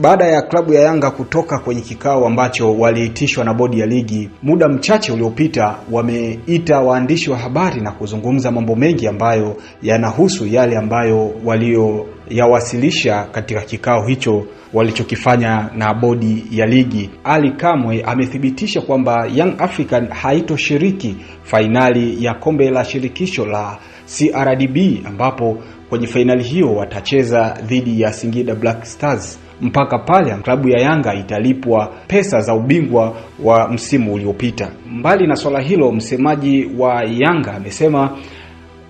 Baada ya klabu ya Yanga kutoka kwenye kikao ambacho waliitishwa na bodi ya ligi muda mchache uliopita, wameita waandishi wa habari na kuzungumza mambo mengi ambayo yanahusu yale ambayo walioyawasilisha katika kikao hicho walichokifanya na bodi ya ligi. Ali Kamwe amethibitisha kwamba Young African haitoshiriki fainali ya kombe la shirikisho la CRDB ambapo kwenye fainali hiyo watacheza dhidi ya Singida Black Stars mpaka pale klabu ya Yanga italipwa pesa za ubingwa wa msimu uliopita. Mbali na swala hilo, msemaji wa Yanga amesema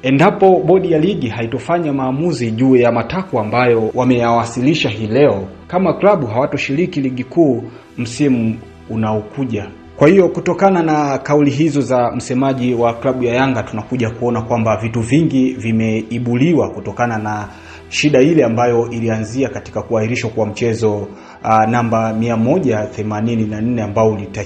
Endapo bodi ya ligi haitofanya maamuzi juu ya matakwa ambayo wameyawasilisha hii leo, kama klabu hawatoshiriki ligi kuu msimu unaokuja. Kwa hiyo kutokana na kauli hizo za msemaji wa klabu ya Yanga, tunakuja kuona kwamba vitu vingi vimeibuliwa kutokana na shida ile ambayo ilianzia katika kuahirishwa kwa mchezo uh, namba 184 ambao ulita,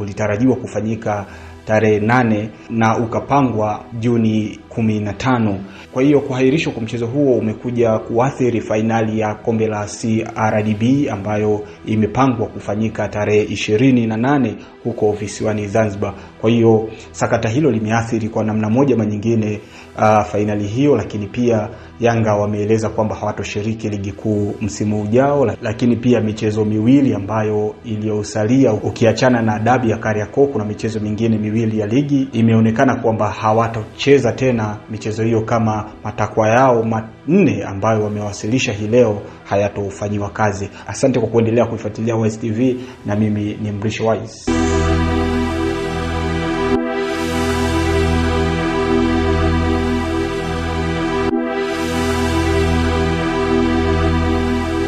ulitarajiwa kufanyika tarehe 8 na ukapangwa Juni 15. Kwa hiyo kuhairishwa kwa mchezo huo umekuja kuathiri fainali ya kombe la CRDB ambayo imepangwa kufanyika tarehe 28 huko visiwani Zanzibar. Kwa hiyo sakata hilo limeathiri kwa namna moja ama nyingine uh, fainali hiyo, lakini pia Yanga wameeleza kwamba hawatoshiriki ligi kuu msimu ujao, lakini pia michezo miwili ambayo iliyosalia ukiachana na dabi ya Kariakoo, kuna michezo mingine miwili ya ligi imeonekana kwamba hawatocheza tena michezo hiyo kama matakwa yao manne ambayo wamewasilisha hii leo hayatofanyiwa kazi. Asante kwa kuendelea kuifuatilia Wise TV na mimi ni Mrisho Wise.